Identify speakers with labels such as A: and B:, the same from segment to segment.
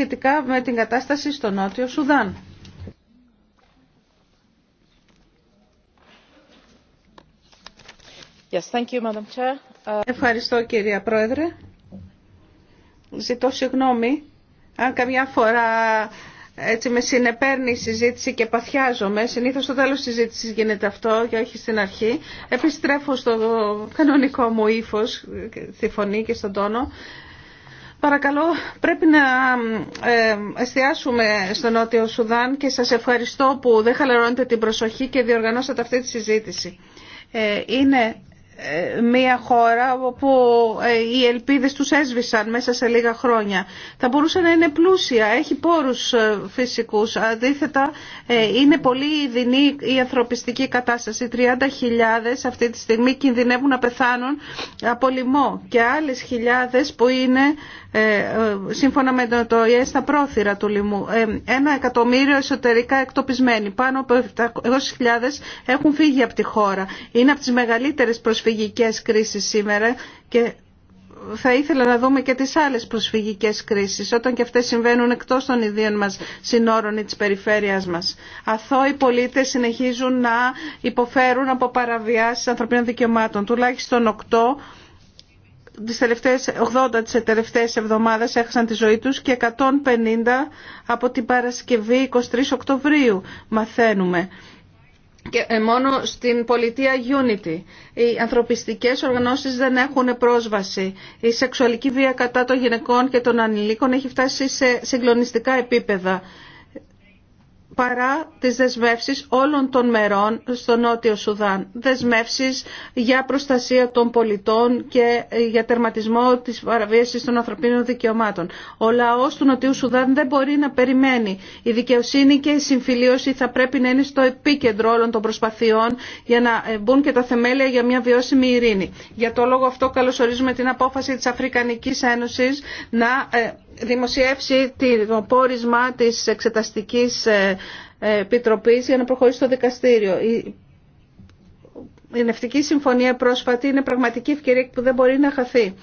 A: σχετικά με την κατάσταση στο Νότιο Σουδάν. Uh, Ευχαριστώ κυρία Πρόεδρε. Ζητώ συγγνώμη αν καμιά φορά έτσι με συνεπέρνει η συζήτηση και παθιάζομαι. Συνήθως στο τέλος της συζήτησης γίνεται αυτό και όχι στην αρχή. Επιστρέφω στο κανονικό μου ύφος, στη φωνή και στον τόνο. Παρακαλώ, πρέπει να ε, εστιάσουμε στο Νότιο Σουδάν και σας ευχαριστώ που δεν χαλαρώνετε την προσοχή και διοργανώσατε αυτή τη συζήτηση. Ε, είναι ε, μια χώρα όπου οι ελπίδες τους έσβησαν μέσα σε λίγα χρόνια. Θα μπορούσε να είναι πλούσια, έχει πόρους φυσικούς. Αντίθετα, είναι πολύ δεινή η ανθρωπιστική κατάσταση. 30.000 αυτή τη στιγμή κινδυνεύουν να πεθάνουν από λοιμό και άλλες χιλιάδες που είναι ε, ε, σύμφωνα με το ΙΕ στα πρόθυρα του λιμού. Ε, ένα εκατομμύριο εσωτερικά εκτοπισμένοι, πάνω από 700.000 έχουν φύγει από τη χώρα. Είναι από τις μεγαλύτερες προσφυγικές κρίσεις σήμερα και θα ήθελα να δούμε και τις άλλες προσφυγικές κρίσεις, όταν και αυτές συμβαίνουν εκτός των ιδίων μας συνόρων ή της περιφέρειας μας. Αθώοι πολίτες συνεχίζουν να υποφέρουν από παραβιάσεις ανθρωπίνων δικαιωμάτων. Τουλάχιστον οκτώ τις τελευταίες, 80 τις τελευταίες εβδομάδες έχασαν τη ζωή τους και 150 από την Παρασκευή 23 Οκτωβρίου μαθαίνουμε. Και ε, μόνο στην πολιτεία Unity. Οι ανθρωπιστικές οργανώσεις δεν έχουν πρόσβαση. Η σεξουαλική βία κατά των γυναικών και των ανηλίκων έχει φτάσει σε συγκλονιστικά επίπεδα παρά τις δεσμεύσεις όλων των μερών στο Νότιο Σουδάν. Δεσμεύσεις για προστασία των πολιτών και για τερματισμό της παραβίασης των ανθρωπίνων δικαιωμάτων. Ο λαός του Νοτιού Σουδάν δεν μπορεί να περιμένει. Η δικαιοσύνη και η συμφιλίωση θα πρέπει να είναι στο επίκεντρο όλων των προσπαθειών για να μπουν και τα θεμέλια για μια βιώσιμη ειρήνη. Για το λόγο αυτό καλωσορίζουμε την απόφαση της Αφρικανικής Ένωσης να ε, δημοσιεύσει το πόρισμα της Εξεταστικής ε, ε, Επιτροπής για να προχωρήσει στο δικαστήριο. Η νευτική Συμφωνία πρόσφατη είναι πραγματική ευκαιρία που δεν μπορεί να χαθεί.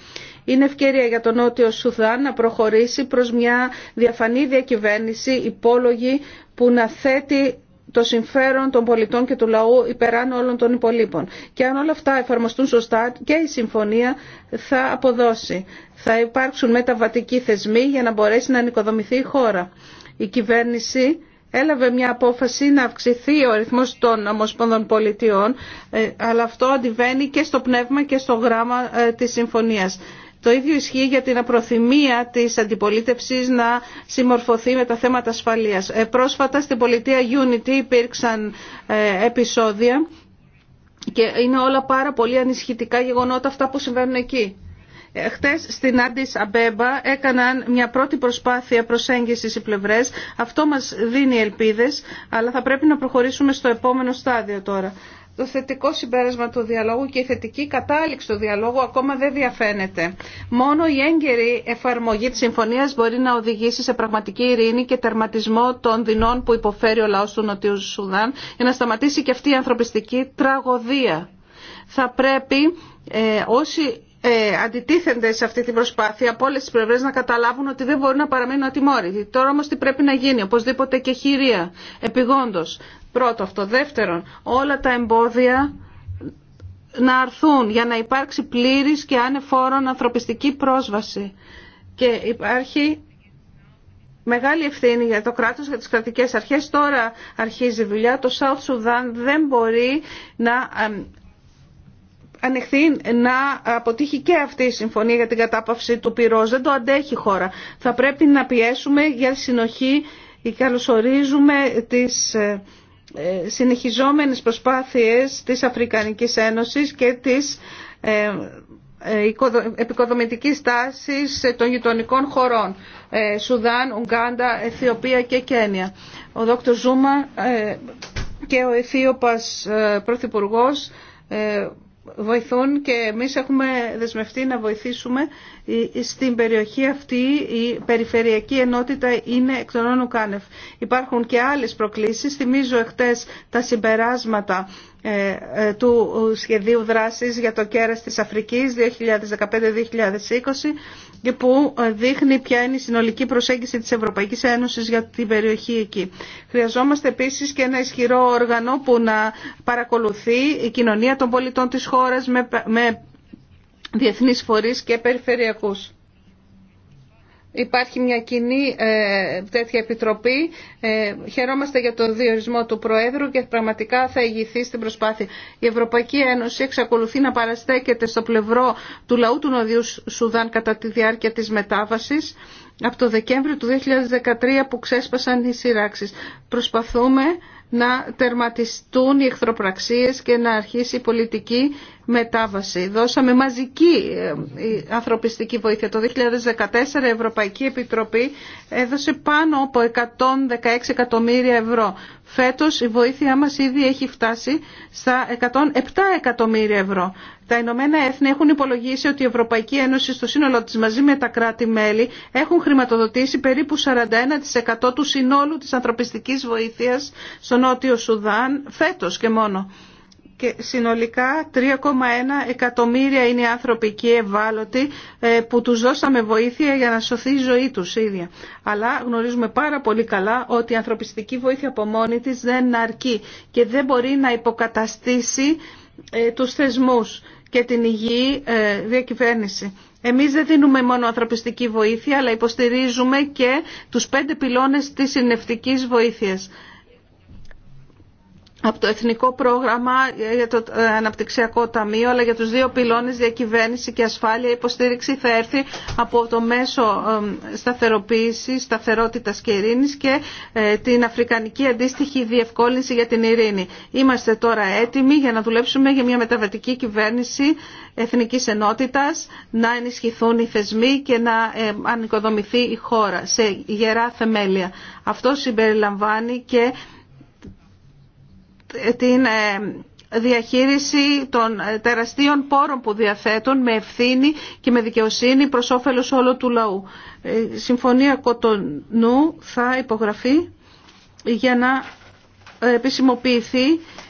A: Είναι ευκαιρία για τον Νότιο Σουδάν να προχωρήσει προς μια διαφανή διακυβέρνηση υπόλογη που να θέτει το συμφέρον των πολιτών και του λαού υπεράνω όλων των υπολείπων. Και αν όλα αυτά εφαρμοστούν σωστά και η συμφωνία θα αποδώσει. Θα υπάρξουν μεταβατικοί θεσμοί για να μπορέσει να ανοικοδομηθεί η χώρα. Η κυβέρνηση έλαβε μια απόφαση να αυξηθεί ο αριθμός των ομοσπονδων πολιτιών, ε, αλλά αυτό αντιβαίνει και στο πνεύμα και στο γράμμα ε, της συμφωνίας. Το ίδιο ισχύει για την απροθυμία της αντιπολίτευσης να συμμορφωθεί με τα θέματα ασφαλείας. Ε, πρόσφατα στην πολιτεία Unity υπήρξαν ε, επεισόδια και είναι όλα πάρα πολύ ανισχυτικά γεγονότα αυτά που συμβαίνουν εκεί. Ε, χτες στην Άντις Αμπέμπα έκαναν μια πρώτη προσπάθεια προσέγγισης οι πλευρές. Αυτό μας δίνει ελπίδες, αλλά θα πρέπει να προχωρήσουμε στο επόμενο στάδιο τώρα το θετικό συμπέρασμα του διαλόγου και η θετική κατάληξη του διαλόγου ακόμα δεν διαφαίνεται. Μόνο η έγκαιρη εφαρμογή της συμφωνίας μπορεί να οδηγήσει σε πραγματική ειρήνη και τερματισμό των δεινών που υποφέρει ο λαός του Νοτιού Σουδάν για να σταματήσει και αυτή η ανθρωπιστική τραγωδία. Θα πρέπει ε, όσοι ε, αντιτίθενται σε αυτή την προσπάθεια από όλε τι πλευρέ να καταλάβουν ότι δεν μπορούν να παραμείνουν ατιμόρυτοι. Τώρα όμω τι πρέπει να γίνει, οπωσδήποτε και χειρία, επιγόντω. Πρώτο αυτό. Δεύτερον, όλα τα εμπόδια να αρθούν για να υπάρξει πλήρης και ανεφόρον ανθρωπιστική πρόσβαση. Και υπάρχει μεγάλη ευθύνη για το κράτος, και τις κρατικές αρχές. Τώρα αρχίζει η δουλειά. Το South Sudan δεν μπορεί να Ανεχθεί να αποτύχει και αυτή η συμφωνία για την κατάπαυση του πυρός. Δεν το αντέχει η χώρα. Θα πρέπει να πιέσουμε για συνοχή καλωσορίζουμε τις ε, ε, συνεχιζόμενες προσπάθειες της Αφρικανικής Ένωσης και της ε, επικοδομητικής τάσης των γειτονικών χωρών Σουδάν, Ουγγάντα, Αιθιοπία και Κένια. Ο Δόκτωρ Ζούμα και ο Αιθίωπας Πρωθυπουργός βοηθούν και εμείς έχουμε δεσμευτεί να βοηθήσουμε στην περιοχή αυτή η περιφερειακή ενότητα είναι εκ των όνων κάνευ. Υπάρχουν και άλλες προκλήσεις. Θυμίζω εχθές τα συμπεράσματα ε, ε, του σχεδίου δράσης για το κέρας της Αφρικής 2015-2020 και που ε, δείχνει ποια είναι η συνολική προσέγγιση της Ευρωπαϊκής Ένωσης για την περιοχή εκεί. Χρειαζόμαστε επίσης και ένα ισχυρό όργανο που να παρακολουθεί η κοινωνία των πολιτών της χώρας με διεθνείς φορείς και περιφερειακούς. Υπάρχει μια κοινή ε, τέτοια επιτροπή. Ε, χαιρόμαστε για τον διορισμό του Προέδρου και πραγματικά θα ηγηθεί στην προσπάθεια. Η Ευρωπαϊκή Ένωση εξακολουθεί να παραστέκεται στο πλευρό του λαού του Νοδίου Σουδάν κατά τη διάρκεια της μετάβασης από το Δεκέμβριο του 2013 που ξέσπασαν οι σειράξεις. Προσπαθούμε να τερματιστούν οι εχθροπραξίες και να αρχίσει η πολιτική μετάβαση. Δώσαμε μαζική ε, ανθρωπιστική βοήθεια. Το 2014 η Ευρωπαϊκή Επιτροπή έδωσε πάνω από 116 εκατομμύρια ευρώ. Φέτος η βοήθειά μας ήδη έχει φτάσει στα 107 εκατομμύρια ευρώ. Τα Ηνωμένα Έθνη έχουν υπολογίσει ότι η Ευρωπαϊκή Ένωση στο σύνολο της μαζί με τα κράτη-μέλη έχουν χρηματοδοτήσει περίπου 41% του συνόλου της ανθρωπιστικής βοήθειας στο Νότιο Σουδάν φέτος και μόνο και συνολικά 3,1 εκατομμύρια είναι οι άνθρωποι και ευάλωτοι ε, που τους δώσαμε βοήθεια για να σωθεί η ζωή τους ίδια. Αλλά γνωρίζουμε πάρα πολύ καλά ότι η ανθρωπιστική βοήθεια από μόνη της δεν αρκεί και δεν μπορεί να υποκαταστήσει ε, τους θεσμούς και την υγιή ε, διακυβέρνηση. Εμείς δεν δίνουμε μόνο ανθρωπιστική βοήθεια, αλλά υποστηρίζουμε και τους πέντε πυλώνες της συνευτικής βοήθειας από το Εθνικό Πρόγραμμα για το Αναπτυξιακό Ταμείο, αλλά για τους δύο πυλώνες διακυβέρνηση και ασφάλεια, η υποστήριξη θα έρθει από το μέσο σταθεροποίηση, σταθερότητα και ειρήνης και ε, την αφρικανική αντίστοιχη διευκόλυνση για την ειρήνη. Είμαστε τώρα έτοιμοι για να δουλέψουμε για μια μεταβατική κυβέρνηση εθνικής ενότητας, να ενισχυθούν οι θεσμοί και να ανοικοδομηθεί η χώρα σε γερά θεμέλια. Αυτό συμπεριλαμβάνει και την ε, διαχείριση των ε, τεραστίων πόρων που διαθέτουν με ευθύνη και με δικαιοσύνη προς όφελος όλου του λαού. Η ε, Συμφωνία Κοτονού θα υπογραφεί για να επισημοποιηθεί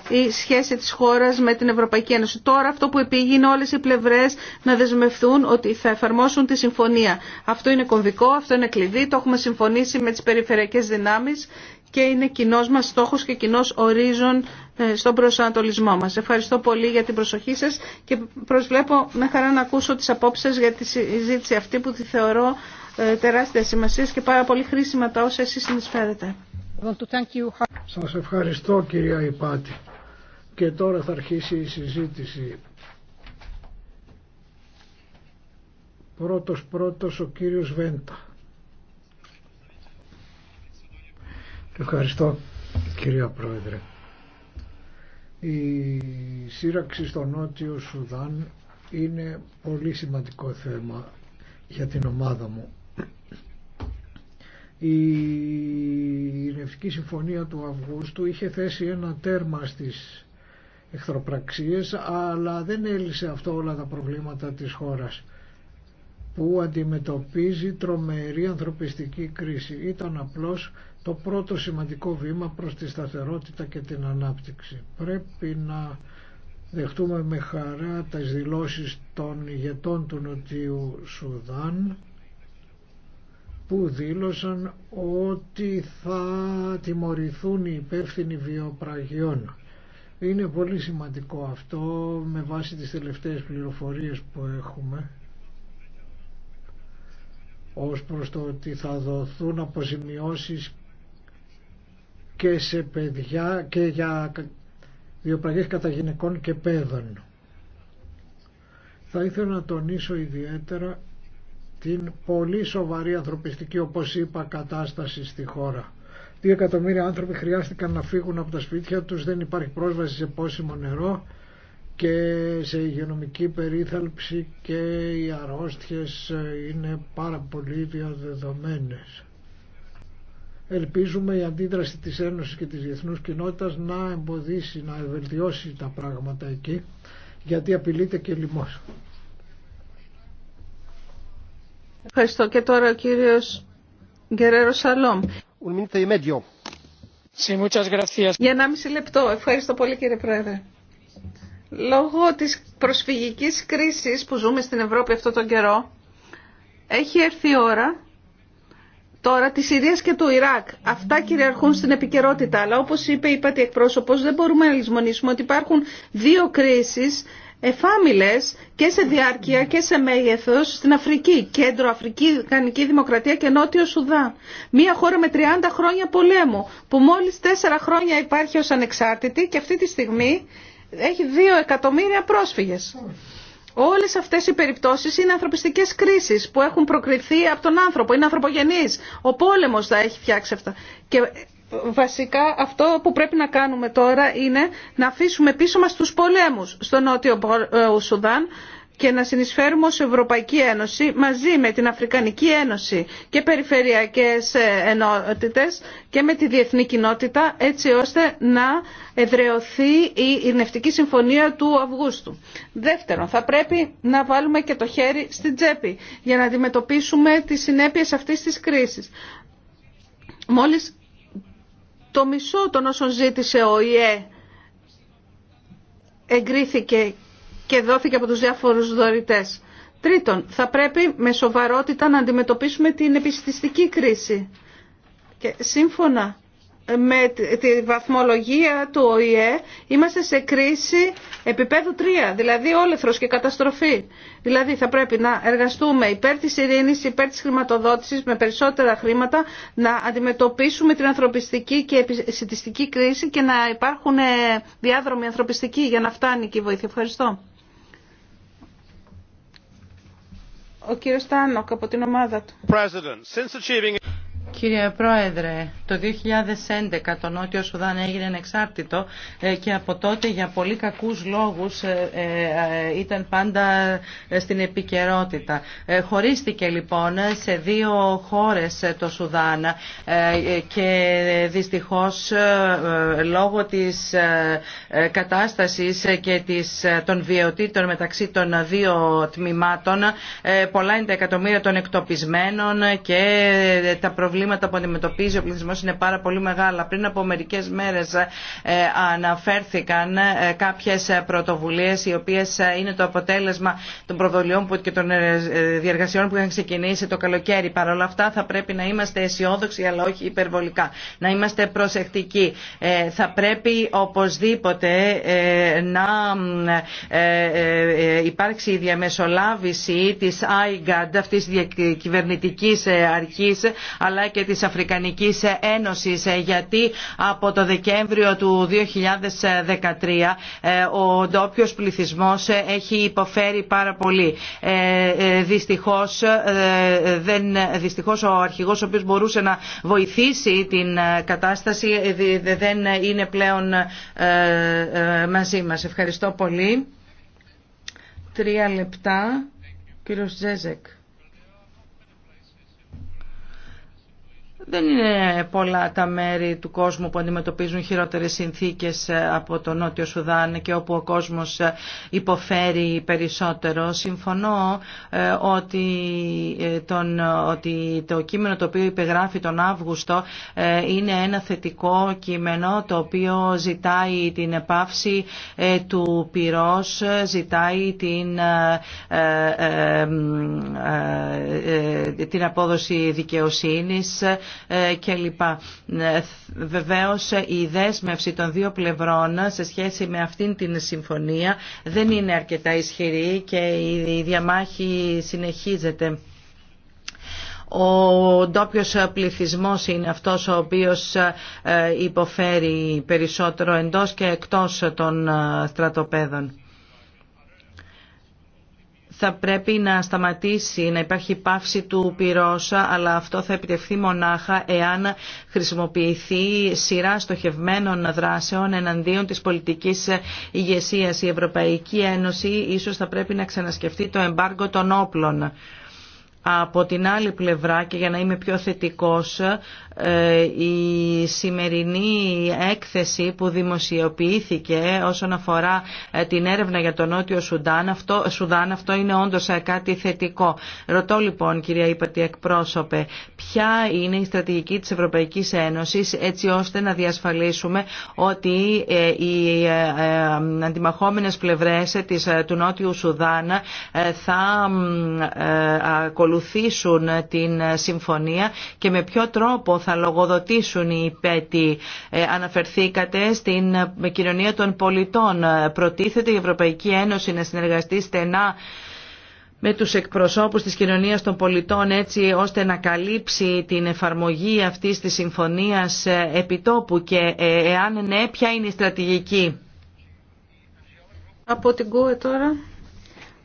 A: η σχέση της χώρας με την Ευρωπαϊκή Ένωση. Τώρα αυτό που επήγει είναι όλες οι πλευρές να δεσμευθούν ότι θα εφαρμόσουν τη συμφωνία. Αυτό είναι κομβικό, αυτό είναι κλειδί, το έχουμε συμφωνήσει με τις περιφερειακές δυνάμεις και είναι κοινό μας στόχος και κοινό ορίζον ε, στον προσανατολισμό μας. Ευχαριστώ πολύ για την προσοχή σας και προσβλέπω με χαρά να ακούσω τις απόψεις για τη συζήτηση αυτή που τη θεωρώ ε, τεράστια σημασία και πάρα πολύ χρήσιμα
B: τα όσα εσείς συνεισφέρετε. Σας ευχαριστώ κυρία Ιπάτη. Και τώρα θα αρχίσει η συζήτηση. Πρώτος πρώτος ο κύριος Βέντα. Ευχαριστώ κυρία Πρόεδρε. Η σύραξη στο Νότιο Σουδάν είναι πολύ σημαντικό θέμα για την ομάδα μου. Η Νευτική Συμφωνία του Αυγούστου είχε θέσει ένα τέρμα στις εχθροπραξίες αλλά δεν έλυσε αυτό όλα τα προβλήματα της χώρας που αντιμετωπίζει τρομερή ανθρωπιστική κρίση. Ήταν απλώς το πρώτο σημαντικό βήμα προς τη σταθερότητα και την ανάπτυξη. Πρέπει να δεχτούμε με χαρά τις δηλώσεις των ηγετών του Νοτιού Σουδάν που δήλωσαν ότι θα τιμωρηθούν οι υπεύθυνοι βιοπραγιών είναι πολύ σημαντικό αυτό με βάση τις τελευταίες πληροφορίες που έχουμε ως προς το ότι θα δοθούν αποζημιώσεις και σε παιδιά και για διοπραγές κατά γυναικών και παιδών. Θα ήθελα να τονίσω ιδιαίτερα την πολύ σοβαρή ανθρωπιστική όπως είπα κατάσταση στη χώρα Δύο εκατομμύρια άνθρωποι χρειάστηκαν να φύγουν από τα σπίτια τους, δεν υπάρχει πρόσβαση σε πόσιμο νερό και σε υγειονομική περίθαλψη και οι αρρώστιες ε, είναι πάρα πολύ διαδεδομένες. Ελπίζουμε η αντίδραση της Ένωσης και της διεθνούς κοινότητας να εμποδίσει, να βελτιώσει τα πράγματα εκεί, γιατί απειλείται και λοιμός.
A: Ευχαριστώ και τώρα ο κύριος Γκερέρο Σαλόμ. Για 1,5 λεπτό. Ευχαριστώ πολύ κύριε Πρόεδρε. Λόγω της προσφυγικής κρίσης που ζούμε στην Ευρώπη αυτόν τον καιρό, έχει έρθει η ώρα τώρα της Συρίας και του Ιράκ. Αυτά κυριαρχούν στην επικαιρότητα, αλλά όπως είπε η Πατή Εκπρόσωπος, δεν μπορούμε να λησμονήσουμε ότι υπάρχουν δύο κρίσεις εφάμιλες και σε διάρκεια και σε μέγεθος στην Αφρική, Κέντρο Αφρική, Γανική Δημοκρατία και Νότιο Σουδά. Μία χώρα με 30 χρόνια πολέμου που μόλις 4 χρόνια υπάρχει ως ανεξάρτητη και αυτή τη στιγμή έχει 2 εκατομμύρια πρόσφυγες. Όλες αυτές οι περιπτώσεις είναι ανθρωπιστικές κρίσεις που έχουν προκριθεί από τον άνθρωπο, είναι ανθρωπογενείς. Ο πόλεμος τα έχει φτιάξει αυτά. Και βασικά αυτό που πρέπει να κάνουμε τώρα είναι να αφήσουμε πίσω μας τους πολέμους στο Νότιο ε, Σουδάν και να συνεισφέρουμε ως Ευρωπαϊκή Ένωση μαζί με την Αφρικανική Ένωση και περιφερειακές ε, ενότητες και με τη διεθνή κοινότητα έτσι ώστε να εδρεωθεί η Ειρνευτική Συμφωνία του Αυγούστου. Δεύτερον, θα πρέπει να βάλουμε και το χέρι στην τσέπη για να αντιμετωπίσουμε τις συνέπειες αυτής της κρίσης. Μόλις το μισό των όσων ζήτησε ο ΙΕ εγκρίθηκε και δόθηκε από τους διάφορους δωρητές. Τρίτον, θα πρέπει με σοβαρότητα να αντιμετωπίσουμε την επιστηστική κρίση. Και σύμφωνα με τη βαθμολογία του ΟΗΕ είμαστε σε κρίση επίπεδου 3, δηλαδή όλεθρος και καταστροφή. Δηλαδή θα πρέπει να εργαστούμε υπέρ της ειρήνης, υπέρ της χρηματοδότησης με περισσότερα χρήματα, να αντιμετωπίσουμε την ανθρωπιστική και επισητιστική κρίση και να υπάρχουν ε, διάδρομοι ανθρωπιστικοί για να φτάνει και η βοήθεια. Ευχαριστώ. Ο κύριος Τάνοκ από την ομάδα του.
C: Κύριε Πρόεδρε, το 2011 το Νότιο Σουδάν έγινε ανεξάρτητο ε, και από τότε για πολύ κακούς λόγους ε, ε, ήταν πάντα στην επικαιρότητα. Χωρίστηκε λοιπόν σε δύο χώρες το Σουδάν και δυστυχώς λόγω της κατάστασης και της, των βιαιοτήτων μεταξύ των δύο τμήματων πολλά είναι τα εκατομμύρια των εκτοπισμένων και τα προβλήματα προβλήματα που αντιμετωπίζει ο πληθυσμό είναι πάρα πολύ μεγάλα. Πριν από μερικέ μέρε ε, αναφέρθηκαν ε, κάποιε πρωτοβουλίε οι οποίε ε, είναι το αποτέλεσμα των προβολιών και των διαργασιών που είχαν ξεκινήσει το καλοκαίρι. Παρ' όλα αυτά θα πρέπει να είμαστε αισιόδοξοι αλλά όχι υπερβολικά. Να είμαστε προσεκτικοί. Θα πρέπει οπωσδήποτε να υπάρξει η διαμεσολάβηση τη IGAD, αυτής τη κυβερνητικής αρχής, αλλά και της Αφρικανικής Ένωσης ε, γιατί από το Δεκέμβριο του 2013 ε, ο ντόπιο πληθυσμός ε, έχει υποφέρει πάρα πολύ. Δυστυχώς, δεν, δυστυχώς ο αρχηγός ο οποίος μπορούσε να βοηθήσει την κατάσταση δεν είναι πλέον μαζί μας. Ευχαριστώ πολύ. Τρία λεπτά. Κύριος Τζέζεκ. Δεν είναι πολλά τα μέρη του κόσμου που αντιμετωπίζουν χειρότερες συνθήκες ε, από το Νότιο Σουδάν και όπου ο κόσμος ε, υποφέρει περισσότερο. Συμφωνώ ε, ότι, τον, ότι το κείμενο το οποίο υπεγράφει τον Αύγουστο είναι ένα θετικό κείμενο το οποίο ζητάει την επάυση του πυρός, ζητάει την, την απόδοση δικαιοσύνης, ε, κλπ. Ε, βεβαίως η δέσμευση των δύο πλευρών σε σχέση με αυτήν την συμφωνία δεν είναι αρκετά ισχυρή και η διαμάχη συνεχίζεται. Ο ντόπιο πληθυσμό είναι αυτός ο οποίος ε, υποφέρει περισσότερο εντό και εκτός των στρατοπέδων θα πρέπει να σταματήσει, να υπάρχει πάυση του πυρόσα, αλλά αυτό θα επιτευχθεί μονάχα εάν χρησιμοποιηθεί σειρά στοχευμένων δράσεων εναντίον της πολιτικής ηγεσίας. Η Ευρωπαϊκή Ένωση ίσως θα πρέπει να ξανασκεφτεί το εμπάργκο των όπλων. Από την άλλη πλευρά και για να είμαι πιο θετικός, ε, η σημερινή έκθεση που δημοσιοποιήθηκε όσον αφορά ε, την έρευνα για το Νότιο Σουδάν, αυτό, Σουδάν, αυτό είναι όντως ε, κάτι θετικό. Ρωτώ λοιπόν κυρία Υπατή εκπρόσωπε, ποια είναι η στρατηγική της Ευρωπαϊκής Ένωσης έτσι ώστε να διασφαλίσουμε ότι οι αντιμαχόμενες πλευρές του Νότιου Σουδάν θα ακολουθούν ακολουθήσουν την συμφωνία και με ποιο τρόπο θα λογοδοτήσουν οι υπέτη. Ε, αναφερθήκατε στην κοινωνία των πολιτών. Προτίθεται η Ευρωπαϊκή Ένωση να συνεργαστεί στενά με τους εκπροσώπους της κοινωνίας των πολιτών έτσι ώστε να καλύψει την εφαρμογή αυτής της συμφωνίας ε, επιτόπου και ε, εάν ναι ποια είναι η στρατηγική. Από τώρα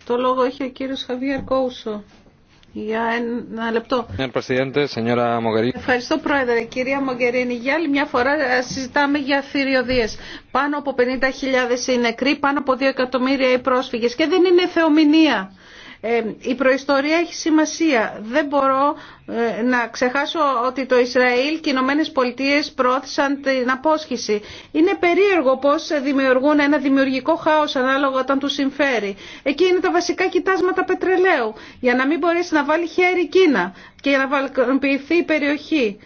C: το λόγο έχει ο κύριος Χαβιέρ
A: Κόουσο. Για ένα λεπτό. Ευχαριστώ Πρόεδρε. Κυρία Μογκερίνη, για άλλη μια φορά ε, συζητάμε για θηριωδίε. Πάνω από 50.000 είναι νεκροί, πάνω από 2 εκατομμύρια οι πρόσφυγε. και δεν είναι θεομηνία. Ε, η προϊστορία έχει σημασία. Δεν μπορώ ε, να ξεχάσω ότι το Ισραήλ και οι Ηνωμένε Πολιτείε πρόθεσαν την απόσχηση. Είναι περίεργο πώ δημιουργούν ένα δημιουργικό χάος ανάλογα όταν του συμφέρει. Εκεί είναι τα βασικά κοιτάσματα πετρελαίου για να μην μπορέσει να βάλει χέρι η Κίνα και να βαλκανοποιηθεί η περιοχή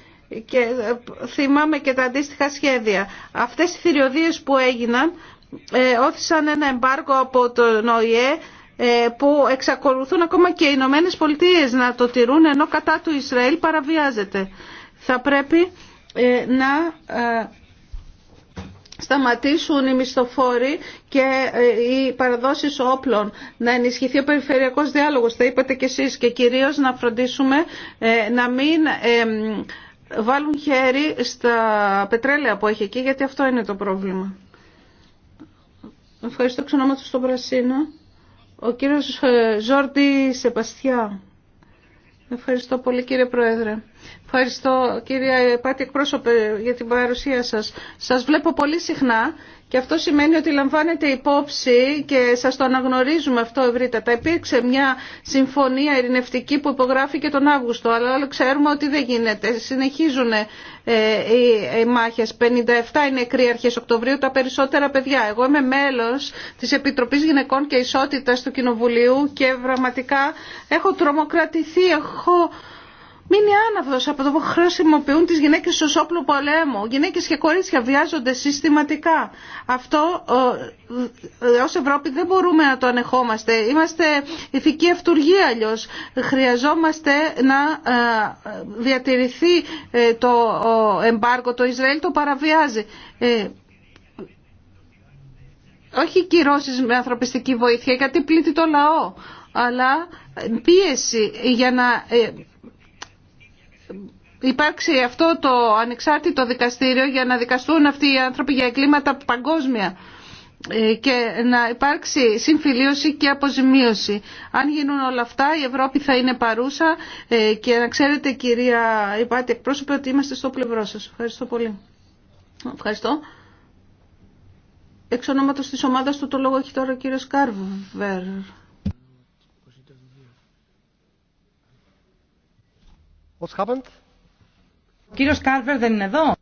A: και ε, θυμάμαι και τα αντίστοιχα σχέδια. Αυτές οι θηριωδίες που έγιναν όθησαν ένα εμπάργο από τον ΟΗΕ ε, που εξακολουθούν ακόμα και οι Ηνωμένε Πολιτείε να το τηρούν ενώ κατά του Ισραήλ παραβιάζεται. Θα πρέπει ε, να ε, σταματήσουν οι μισθοφόροι και οι παραδόσεις όπλων, να ενισχυθεί ο περιφερειακός διάλογος, θα είπατε κι εσείς, και κυρίως να φροντίσουμε να μην βάλουν χέρι στα πετρέλαια που έχει εκεί, γιατί αυτό είναι το πρόβλημα. Ευχαριστώ ξανά στον Πρασίνο. Ο κύριος ε, Ζόρντι Σεπαστιά. Ευχαριστώ πολύ κύριε Πρόεδρε. Ευχαριστώ κύριε Πάτη εκπρόσωπε για την παρουσία σας. Σας βλέπω πολύ συχνά και αυτό σημαίνει ότι λαμβάνετε υπόψη και σας το αναγνωρίζουμε αυτό ευρύτατα. Υπήρξε μια συμφωνία ειρηνευτική που υπογράφηκε τον Αύγουστο, αλλά ξέρουμε ότι δεν γίνεται. Συνεχίζουν ε, οι μάχες. 57 είναι νεκροί αρχές Οκτωβρίου, τα περισσότερα παιδιά. Εγώ είμαι μέλος της Επιτροπής Γυναικών και Ισότητας του Κοινοβουλίου και πραγματικά έχω τρομοκρατηθεί, έχω μείνει άναυδος από το που χρησιμοποιούν τις γυναίκες ως όπλο πολέμου. Γυναίκες και κορίτσια βιάζονται συστηματικά. Αυτό ω ε, ως Ευρώπη δεν μπορούμε να το ανεχόμαστε. Είμαστε ηθική ευτουργία αλλιώ. Χρειαζόμαστε να ε, διατηρηθεί ε, το εμπάργκο. Το Ισραήλ το παραβιάζει. όχι κυρώσει με ανθρωπιστική βοήθεια γιατί πλήττει το λαό αλλά πίεση για να υπάρξει αυτό το ανεξάρτητο δικαστήριο για να δικαστούν αυτοί οι άνθρωποι για εγκλήματα παγκόσμια ε, και να υπάρξει συμφιλίωση και αποζημίωση. Αν γίνουν όλα αυτά η Ευρώπη θα είναι παρούσα ε, και να ξέρετε κυρία Υπάτη εκπρόσωπε ότι είμαστε στο πλευρό σας. Ευχαριστώ πολύ. Ευχαριστώ. Εξ ονόματος της ομάδας του το λόγο έχει τώρα ο κύριος Κάρβερ.
C: What's ο κύριος Κάρβερ δεν είναι εδώ.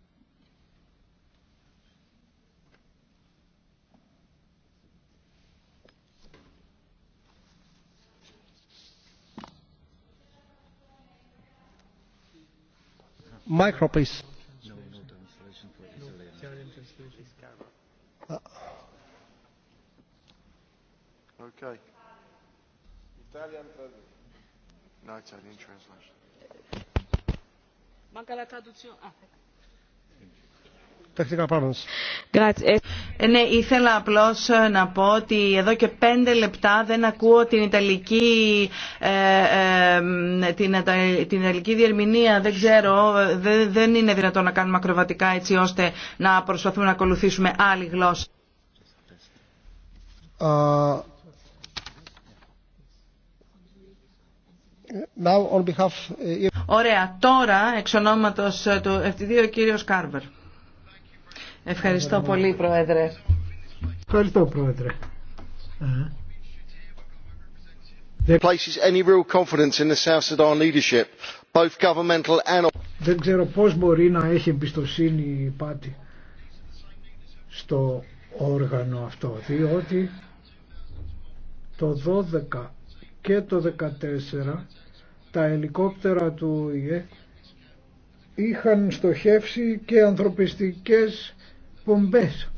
B: Micro, please. Okay.
D: Italian translation.
C: No Italian translation. Ναι, ήθελα απλώς ε, να πω ότι εδώ και πέντε λεπτά δεν ακούω την Ιταλική, ε, ε την, την Ιταλική διερμηνία. Δεν ξέρω, δεν, δεν είναι δυνατόν να κάνουμε ακροβατικά έτσι ώστε να προσπαθούμε να ακολουθήσουμε άλλη γλώσσα.
B: Uh, Ωραία.
C: Τώρα, εξ ονόματος ε, του FTD, ο κύριος Κάρβερ. Ευχαριστώ πολύ, Πρόεδρε.
B: Ευχαριστώ, Πρόεδρε. Δεν ξέρω πώς μπορεί να έχει εμπιστοσύνη η Πάτη στο όργανο αυτό, διότι το 12 και το 2014 τα ελικόπτερα του ΙΕ είχαν στοχεύσει και ανθρωπιστικές πομπές.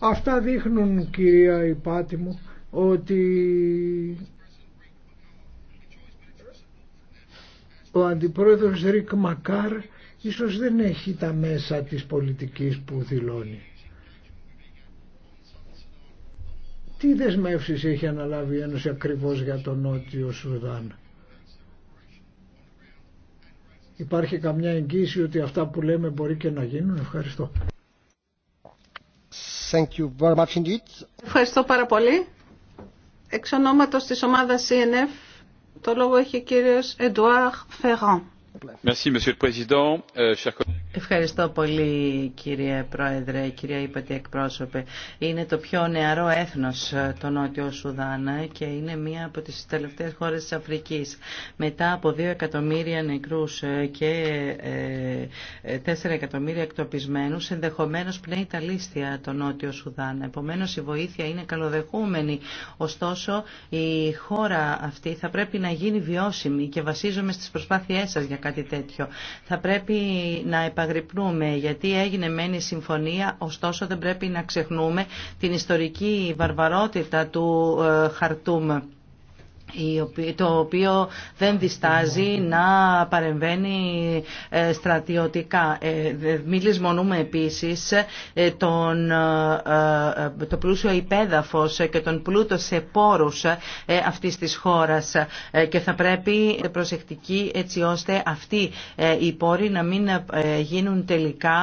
B: Αυτά δείχνουν κυρία Υπάτη μου ότι ο αντιπρόεδρος Ρικ Μακάρ ίσως δεν έχει τα μέσα της πολιτικής που δηλώνει. Τι δεσμεύσεις έχει αναλάβει η Ένωση ακριβώς για τον Νότιο Σουδάν. Υπάρχει καμιά εγγύηση ότι αυτά που λέμε μπορεί και να γίνουν. Ευχαριστώ. Thank you very much
A: Ευχαριστώ πάρα πολύ.
B: Εξ ονόματος
A: της ομάδας CNF, το λόγο έχει ο κύριος Εντουάρ Φεράν.
D: Monsieur le Président, chers collègues!
C: Ευχαριστώ πολύ κύριε Πρόεδρε, κυρία Υπατή Εκπρόσωπε. Είναι το πιο νεαρό έθνος ε, το Νότιο Σουδάν ε, και είναι μία από τις τελευταίες χώρες της Αφρικής. Μετά από δύο εκατομμύρια νεκρούς ε, και τέσσερα εκατομμύρια εκτοπισμένους, ενδεχομένως πνέει τα λίστια το Νότιο Σουδάν. Επομένως η βοήθεια είναι καλοδεχούμενη. Ωστόσο η χώρα αυτή θα πρέπει να γίνει βιώσιμη και βασίζομαι στις προσπάθειές σας για κάτι τέτοιο. Θα πρέπει να επαγρυπνούμε γιατί έγινε μεν συμφωνία ωστόσο δεν πρέπει να ξεχνούμε την ιστορική βαρβαρότητα του ε, Χαρτούμ το οποίο δεν διστάζει να παρεμβαίνει ε, στρατιωτικά. Ε, Μη λησμονούμε επίσης ε, τον, το πλούσιο υπέδαφος και τον πλούτο σε πόρους αυτής της χώρας και θα πρέπει προσεκτική έτσι ώστε αυτοί οι πόροι να μην γίνουν τελικά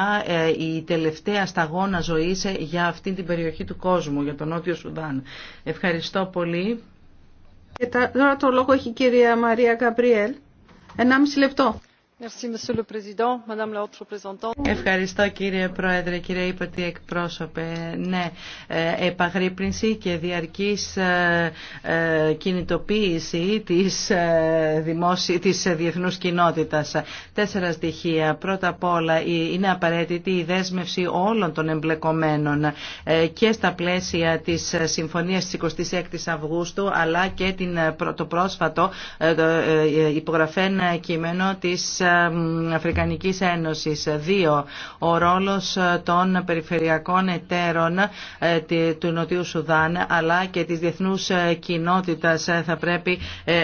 C: η τελευταία σταγόνα ζωής για αυτή την περιοχή του κόσμου, για τον Νότιο Σουδάν. Ευχαριστώ πολύ.
A: Και τώρα το λόγο έχει η κυρία Μαρία Γκαμπριέλ. μισή λεπτό.
C: Ευχαριστώ κύριε Πρόεδρε, κύριε Υπατή εκπρόσωπε. Ναι, ε, επαγρύπνηση και διαρκής ε, ε, κινητοποίηση της, δημόσι... της διεθνούς κοινότητας. Τέσσερα στοιχεία. Πρώτα απ' όλα είναι απαραίτητη η δέσμευση όλων των εμπλεκομένων και στα πλαίσια της συμφωνίας της 26ης Αυγούστου αλλά και το πρόσφατο υπογραφέν κείμενο της Αφρικανικής Ένωσης. δύο Ο ρόλος των περιφερειακών εταίρων ε, του Νοτιού Σουδάν αλλά και της διεθνούς ε, κοινότητας ε, θα πρέπει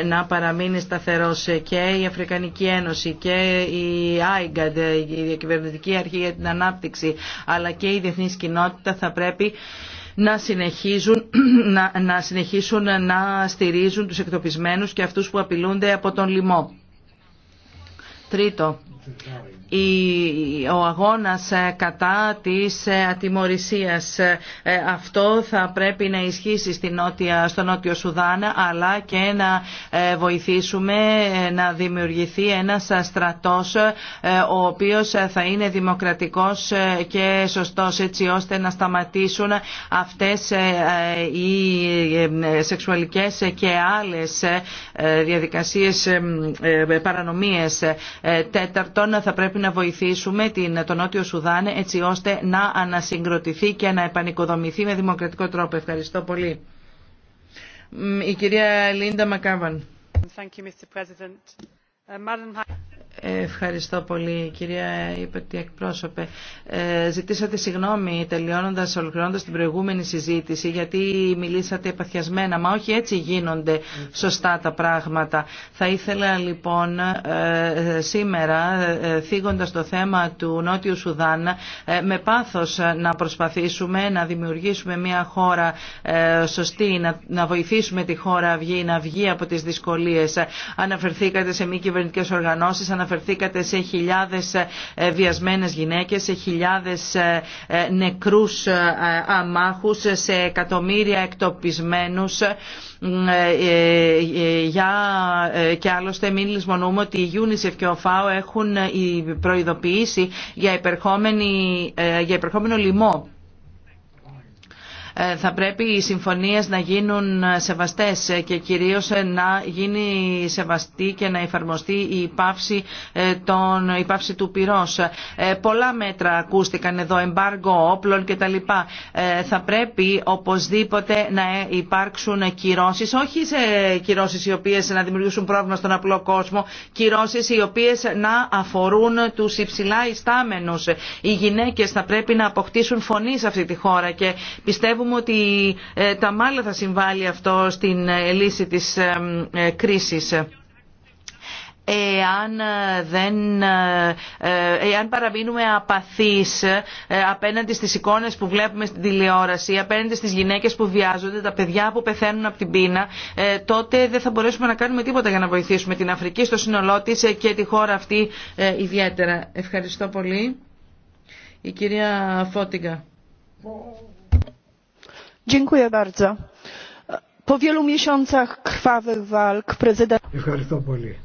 C: να παραμείνει σταθερός και η Αφρικανική Ένωση και η ΆΙΓΑΝΤ, η Διακυβερνητική Αρχή για την Ανάπτυξη αλλά και η διεθνής κοινότητα θα πρέπει να συνεχίζουν να, να, συνεχίσουν να στηρίζουν τους εκτοπισμένους και αυτούς που απειλούνται από τον λοιμό. Τρίτο, ο αγώνας ε, κατά της ε, ατιμορρησίας. Ε, αυτό θα πρέπει να ισχύσει στην νότια, στο Νότιο Σουδάν αλλά και να βοηθήσουμε να δημιουργηθεί ένας στρατός ο οποίος θα είναι δημοκρατικός και σωστός έτσι ώστε να σταματήσουν αυτές οι σεξουαλικές και άλλες διαδικασίες παρανομίες τέταρτο Τώρα θα πρέπει να βοηθήσουμε την, τον Νότιο Σουδάν έτσι ώστε να ανασυγκροτηθεί και να επανικοδομηθεί με δημοκρατικό τρόπο. Ευχαριστώ πολύ. Η κυρία Λίντα Μακάβαν.
D: Uh,
C: Ευχαριστώ πολύ κυρία Υπερτή εκπρόσωπε. Ε, ζητήσατε συγγνώμη τελειώνοντας, ολοκληρώνοντας την προηγούμενη συζήτηση γιατί μιλήσατε επαθιασμένα, μα όχι έτσι γίνονται σωστά τα πράγματα. Θα ήθελα λοιπόν ε, σήμερα ε, θίγοντας το θέμα του Νότιου Σουδάν με πάθος να προσπαθήσουμε να δημιουργήσουμε μια χώρα σωστή, να, να βοηθήσουμε τη χώρα να βγει από τις δυσκολίες. Αναφερθήκατε σε μη κυβερνητικές οργανώσεις, αναφερθήκατε σε χιλιάδες ε, ε, βιασμένες γυναίκες, σε χιλιάδες ε, νεκρούς αμάχους, σε εκατομμύρια εκτοπισμένους για, και άλλωστε μην λησμονούμε ότι η UNICEF και ο ΦΑΟ έχουν προειδοποιήσει για, για υπερχόμενο λοιμό ε, θα πρέπει οι συμφωνίες να γίνουν σεβαστές και κυρίως ε, να γίνει σεβαστή και να εφαρμοστεί η πάυση, ε, του πυρός. Πολλά μέτρα ακούστηκαν εδώ, εμπάργκο, όπλων κτλ. Θα πρέπει οπωσδήποτε να υπάρξουν κυρώσεις, όχι σε κυρώσεις οι οποίες να δημιουργήσουν πρόβλημα στον απλό κόσμο, κυρώσεις οι οποίες να αφορούν τους υψηλά ιστάμενους. Οι γυναίκες θα πρέπει να αποκτήσουν φωνή σε αυτή τη χώρα και πιστεύω πιστεύουμε ότι ε, τα μάλλα θα συμβάλλει αυτό στην ε, λύση της ε, κρίσης εάν, δεν, εάν παραμείνουμε απαθείς απέναντι στις εικόνες που βλέπουμε στην τηλεόραση, απέναντι στις γυναίκες που βιάζονται, τα παιδιά που πεθαίνουν από την πείνα, τότε δεν θα μπορέσουμε να κάνουμε τίποτα για να βοηθήσουμε την Αφρική στο σύνολό της και τη χώρα αυτή ιδιαίτερα. Ευχαριστώ πολύ. Η κυρία Φώτιγκα.
B: Ευχαριστώ πολύ.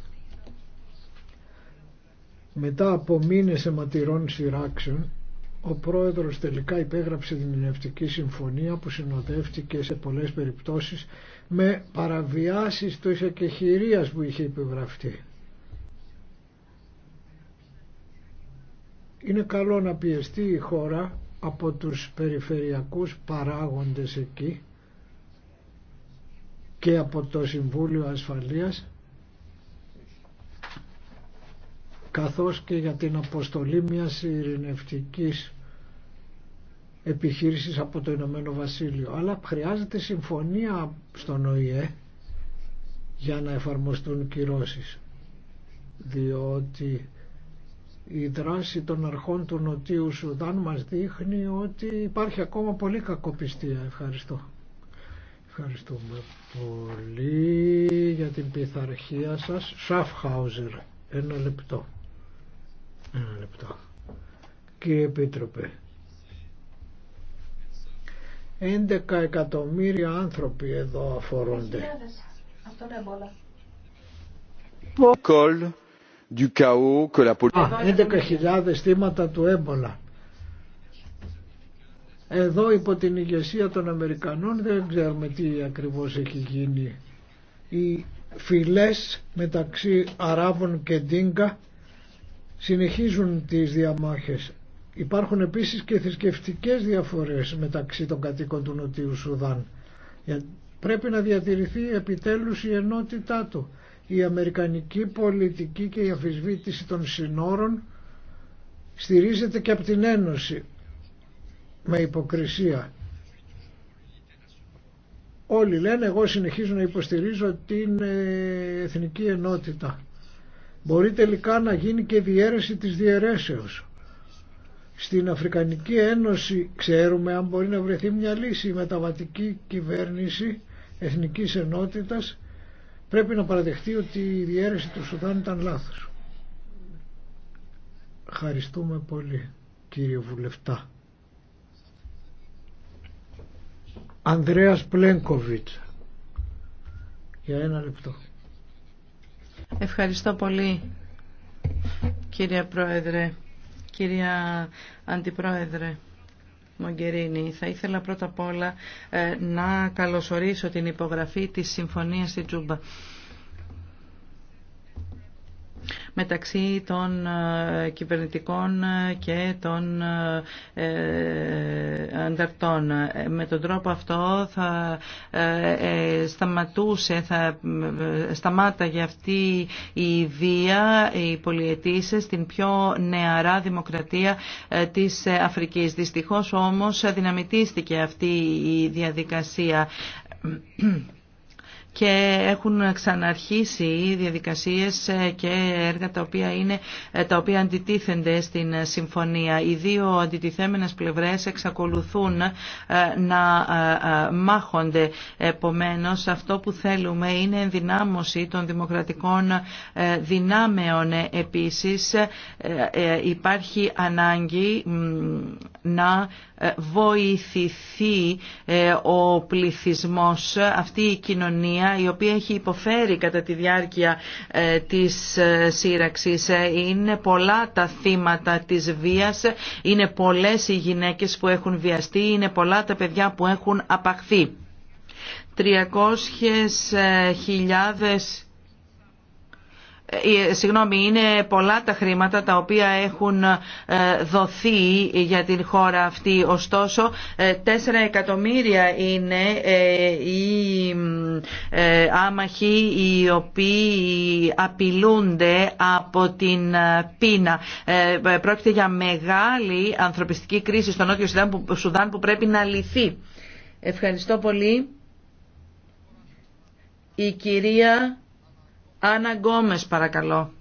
B: Μετά από μήνες αιματηρών σειράξεων, ο πρόεδρος τελικά υπέγραψε την Ειρηνευτική Συμφωνία που συνοδεύτηκε σε πολλές περιπτώσεις με παραβιάσεις του εκεχηρίας που είχε υπεγραφτεί. Είναι καλό να πιεστεί η χώρα από τους περιφερειακούς παράγοντες εκεί και από το Συμβούλιο Ασφαλείας καθώς και για την αποστολή μιας ειρηνευτικής επιχείρησης από το Ηνωμένο Βασίλειο. Αλλά χρειάζεται συμφωνία στον ΟΗΕ για να εφαρμοστούν κυρώσεις διότι η δράση των αρχών του Νοτίου Σουδάν μας δείχνει ότι υπάρχει ακόμα πολύ κακοπιστία. Ευχαριστώ. Ευχαριστούμε πολύ για την πειθαρχία σας. Σαφχάουζερ, ένα λεπτό. Ένα λεπτό. Κύριε Επίτροπε, 11 εκατομμύρια άνθρωποι εδώ αφορούνται.
D: Αυτό είναι du chaos que
B: του έμπολα. Εδώ υπό την ηγεσία των Αμερικανών δεν ξέρουμε τι ακριβώς έχει γίνει. Οι φυλές μεταξύ Αράβων και Ντίνκα συνεχίζουν τις διαμάχες. Υπάρχουν επίσης και θρησκευτικέ διαφορές μεταξύ των κατοίκων του Νοτιού Σουδάν. Πρέπει να διατηρηθεί επιτέλους η ενότητά του η αμερικανική πολιτική και η αφισβήτηση των συνόρων στηρίζεται και από την Ένωση με υποκρισία. Όλοι λένε, εγώ συνεχίζω να υποστηρίζω την ε, εθνική ενότητα. Μπορεί τελικά να γίνει και διέρεση της διαιρέσεως. Στην Αφρικανική Ένωση ξέρουμε αν μπορεί να βρεθεί μια λύση η μεταβατική κυβέρνηση εθνικής ενότητας πρέπει να παραδεχτεί ότι η διέρεση του Σουδάν ήταν λάθος. Ευχαριστούμε πολύ κύριε Βουλευτά. Ανδρέας Πλένκοβιτς για ένα λεπτό.
C: Ευχαριστώ πολύ κύριε Πρόεδρε, κυρία Αντιπρόεδρε. Μογκερίνη. Θα ήθελα πρώτα απ' όλα ε, να καλωσορίσω την υπογραφή της συμφωνίας στη Τζούμπα μεταξύ των ε, κυβερνητικών ε, και των ε, ανταρτών. Με τον τρόπο αυτό θα σταματούσε, θα σταμάταγε αυτή η βία, οι πολιετήσε στην πιο νεαρά δημοκρατία της Αφρικής. Δυστυχώς όμως αδυναμητίστηκε αυτή η διαδικασία και έχουν ξαναρχίσει οι διαδικασίες ε, και έργα τα οποία, είναι, ε, τα οποία αντιτίθενται στην ε, συμφωνία. Οι δύο αντιτιθέμενες πλευρές εξακολουθούν να μάχονται. Επομένως, αυτό που θέλουμε είναι ενδυνάμωση των δημοκρατικών δυνάμεων. Επίσης, υπάρχει ανάγκη να βοηθηθεί ο πληθυσμός, αυτή η κοινωνία η οποία έχει υποφέρει κατά τη διάρκεια ε, της ε, σύραξης. Ε, είναι πολλά τα θύματα της βίας, είναι πολλές οι γυναίκες που έχουν βιαστεί, είναι πολλά τα παιδιά που έχουν απαχθεί. 300.000 ε, ε, συγγνώμη, είναι πολλά τα χρήματα τα οποία έχουν ε, δοθεί για την χώρα αυτή. Ωστόσο, 4 εκατομμύρια είναι οι άμαχοι οι οποίοι απειλούνται από την πείνα. Πρόκειται για μεγάλη ανθρωπιστική κρίση στο Νότιο Σουδάν που πρέπει να λυθεί. Ευχαριστώ πολύ. Η κυρία Άννα παρακαλώ.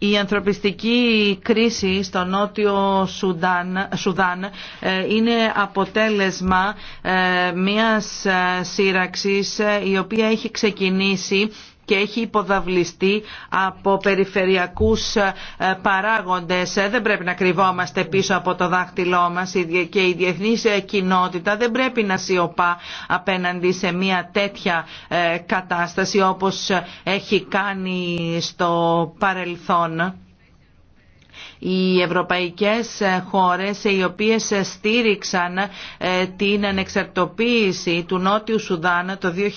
C: Η ανθρωπιστική κρίση στο νότιο Σουδάν, Σουδάν ε, είναι αποτέλεσμα ε, μιας ε, σύραξης η οποία έχει ξεκινήσει και έχει υποδαβλιστεί από περιφερειακούς ε, παράγοντες. Ε, δεν πρέπει να κρυβόμαστε πίσω από το δάχτυλό μας και η διεθνής ε, κοινότητα δεν πρέπει να σιωπά απέναντι σε μια τέτοια κατάσταση όπως έχει κάνει στο παρελθόν οι ευρωπαϊκές χώρες οι οποίες στήριξαν ε, την ανεξαρτοποίηση του Νότιου Σουδάν το 2011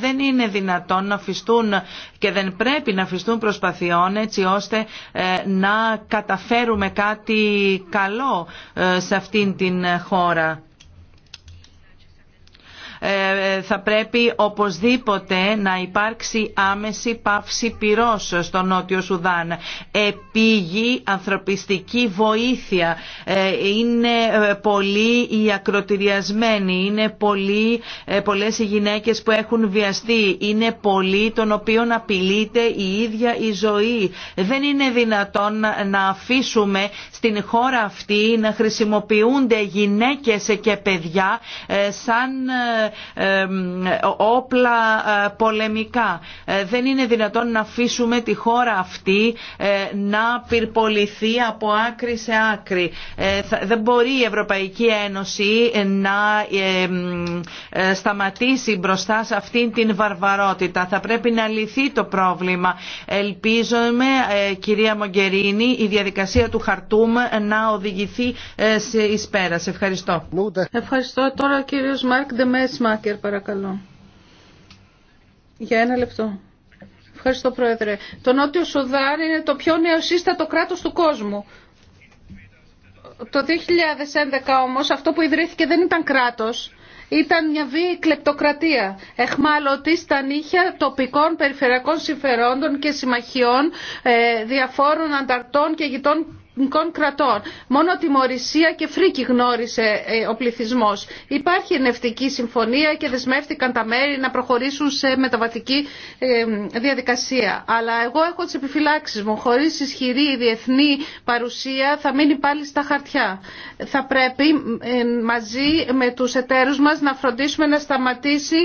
C: δεν είναι δυνατόν να αφιστούν και δεν πρέπει να αφιστούν προσπαθειών έτσι ώστε ε, να καταφέρουμε κάτι καλό ε, σε αυτήν την χώρα. Ε, θα πρέπει οπωσδήποτε να υπάρξει άμεση πάυση πυρός στο Νότιο Σουδάν. Επίγει ανθρωπιστική βοήθεια. Ε, είναι ε, πολύ οι ακροτηριασμένοι, είναι πολύ πολλές οι γυναίκες που έχουν βιαστεί, είναι πολλοί των οποίων απειλείται η ίδια η ζωή. Δεν είναι δυνατόν να αφήσουμε στην χώρα αυτή να χρησιμοποιούνται γυναίκες και παιδιά σαν όπλα ε, πολεμικά. Ε, δεν είναι δυνατόν να αφήσουμε τη χώρα αυτή ε, να πυρποληθεί από άκρη σε άκρη. Δεν μπορεί η Ευρωπαϊκή Ένωση να σταματήσει μπροστά σε αυτήν την βαρβαρότητα. Θα πρέπει να λυθεί το πρόβλημα. Ελπίζομαι, κυρία Μογκερίνη, η διαδικασία του χαρτούμ να οδηγηθεί εις πέρας. Ευχαριστώ. Ευχαριστώ
A: τώρα κύριος Μάρκ παρακαλώ. Για ένα λεπτό. Ευχαριστώ Πρόεδρε. Το Νότιο Σουδάν είναι το πιο νεοσύστατο κράτος του κόσμου. Το 2011 όμως αυτό που ιδρύθηκε δεν ήταν κράτος. Ήταν μια βίαιη κλεπτοκρατία, εχμάλωτη στα νύχια τοπικών περιφερειακών συμφερόντων και συμμαχιών ε, διαφόρων ανταρτών και γητών κρατών. Μόνο τιμωρησία και φρίκη γνώρισε ε, ο πληθυσμό. Υπάρχει ενευτική συμφωνία και δεσμεύτηκαν τα μέρη να προχωρήσουν σε μεταβατική ε, διαδικασία. Αλλά εγώ έχω τι επιφυλάξει μου. Χωρί ισχυρή διεθνή παρουσία θα μείνει πάλι στα χαρτιά. Θα πρέπει ε, μαζί με του εταίρου μα να φροντίσουμε να σταματήσει